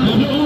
Thank you.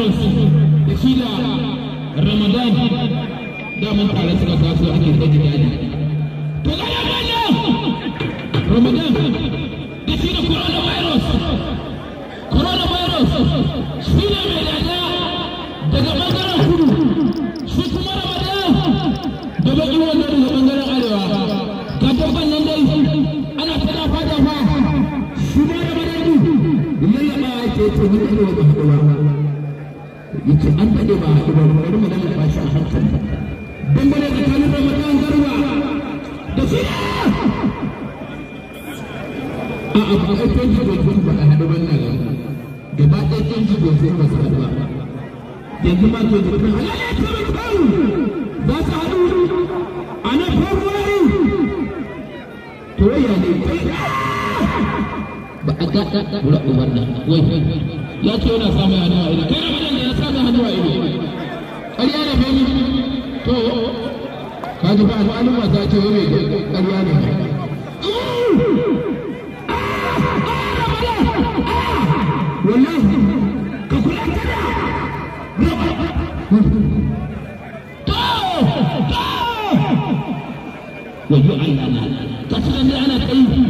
Yunus da shi da Ramadan daman tare suka taso ake To ga Ramadan da coronavirus. Coronavirus shi ne mai dada daga bangaren kudu shi kuma Ramadan da baki wanda daga bangaren arewa. Ka nan dai ana tana fa shi Ramadan ne ake ce da ba. yace an daɗe ba a ba bari mu lallaba shi a hankali dangane tsakanin ramadan garba da su a abu a ɗan ji bai ba a haɗu ban nan gaba ɗaya ɗan ji bai ba su haɗu ba yanzu ma ke da kan halala su haɗu a na february to ya ne ba a ga ɗaɗa wura umarna wai ya ce yana samun yana idan kai ramadan nawa ido ƙarya ne bai to ka ji ba al'adun wasa ce wai mai ƙarya ne wallahi ka kula ta da wajen Allah na ta sanar ana tsayi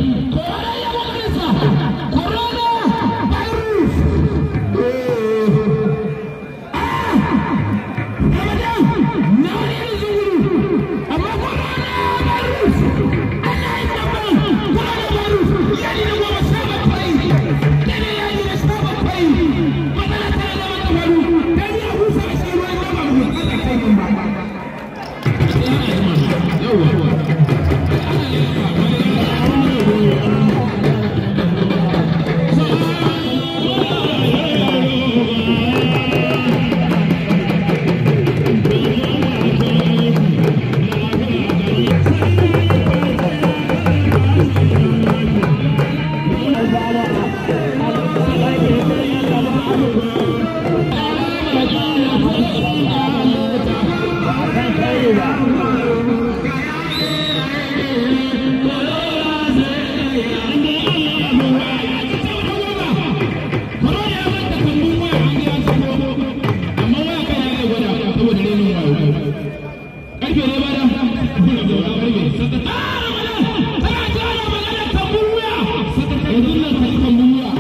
wannan tarihin duniya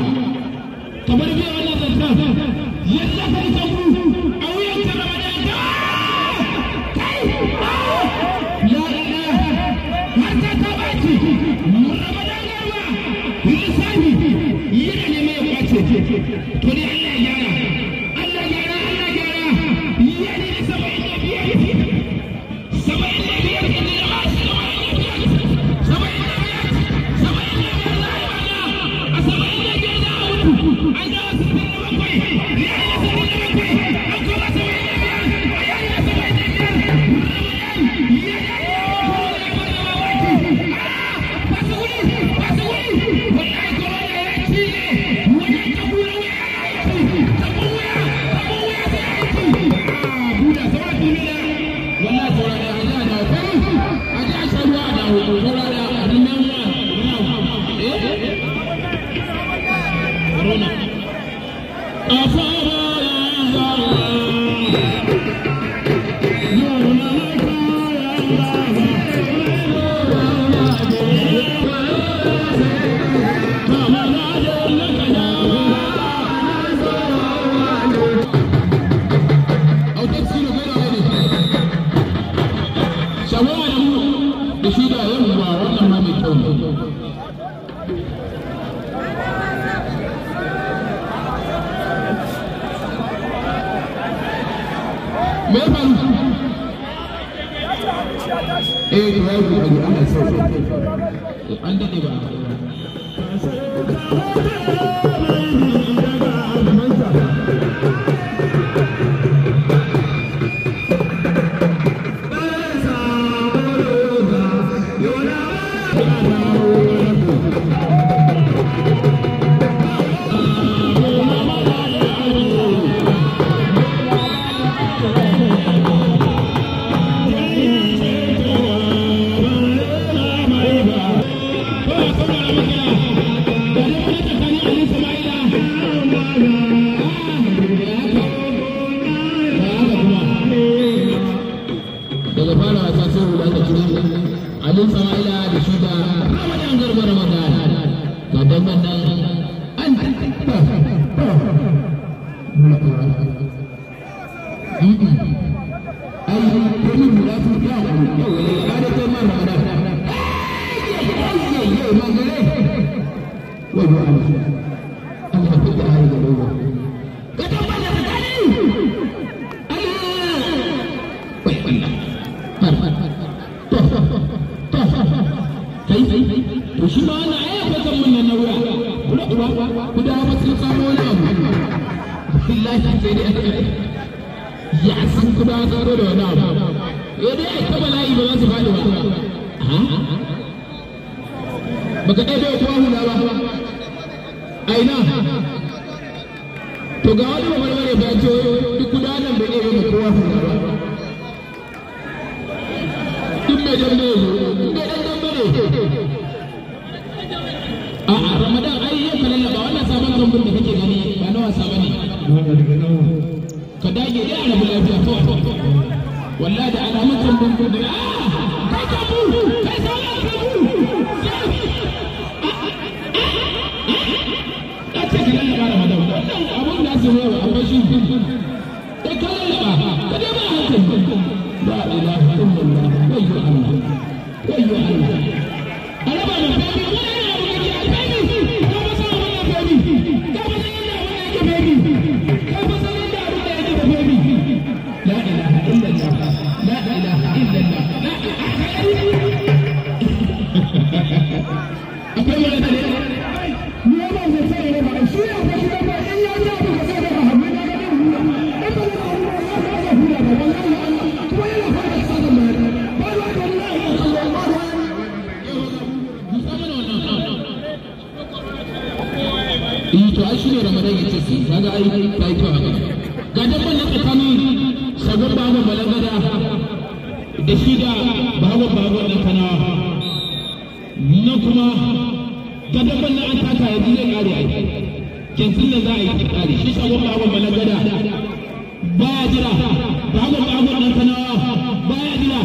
kamar dai me faru eh to ya yi abu an da sau an shi ma wani aya ko kan mun na wura wura uwa ku da ba su samu wani abu billahi sai dai ya san ku da garo da wani abu yau dai ta bala'i ba za su faɗi ba baka ɗaya bai kuma hula ba a ina to ga wani mamarmare ba ce duk gudanar da ɗaya bai kowa hula ba duk mai dambe ne. zo duk mai dan dambe ne a ramadan ai yau ka lallaba wannan sabon kambun da kake gani ba na wasa ba ne ka dage yana rabu lafiya to wallahi da alamun tambun ko da kai kamu kai sauran da da da ba ba da eh to ai shine ramadan yace su kaga ai kai to haka ga dabban na tsakanin sabon babu balagada da shi da babu babu na kanawa na kuma ga dabban na an taka yanzu zai kare ai yanzu ne za a yi kare shi sabon babu balagada baya jira babu babu na kanawa baya jira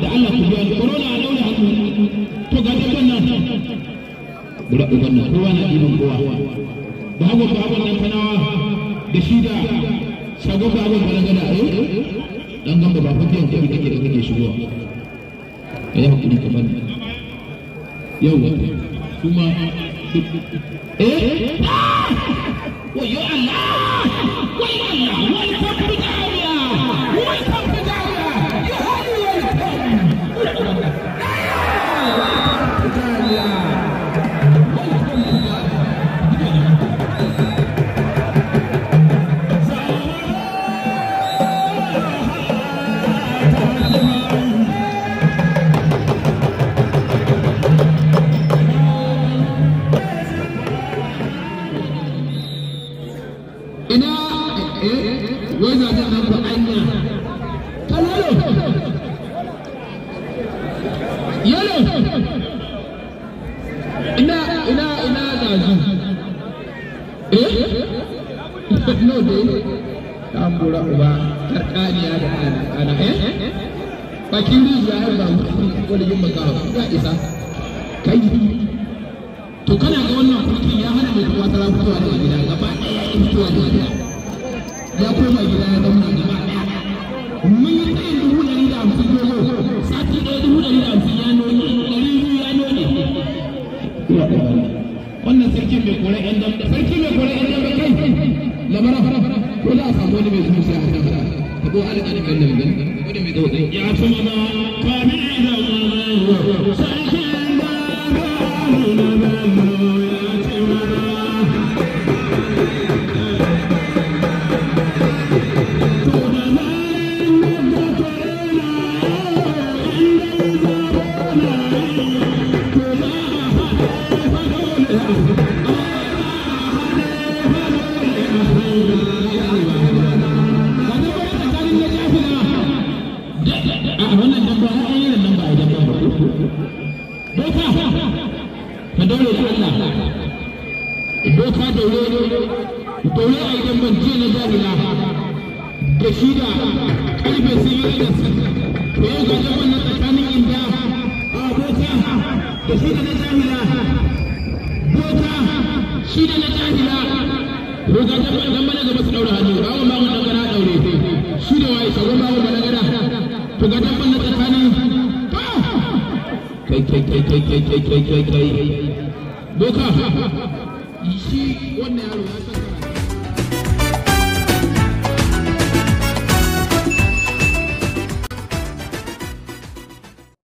da Allah ku biya corona a daure hannu to ga dabban nan Budak-budak, kowa na iman kowa. babu babu nan kanawa da shi da shagon babu ba gada eh dan gamba ba fa kiyan kuma take da kake shigowa eh hakuri kamar yau kuma eh, eh? Ah! wayo Allah eh no dai ta kura uba karkaniya da ana eh bakin rijiya har ba mutum wani yin magawa ya isa kai to kana ga wannan hutun ya hana mai kuma ta fitowa daga gida gaba ɗaya ya fitowa gida ya koma gida ya mai kore yan dambe sarki mai kore yan dambe kai lamara ko za a samu wani mai zuciya a kan sa ta ko alƙalin gangan gangan wani mai zaune ya sama ma kamin doka daure shi Allah doka a na jarila da karfe sun yi da to ga zaman na tsakanin inda a doka na jarila doka shi na jarila to ga hannu ba ba ba Donc, ici,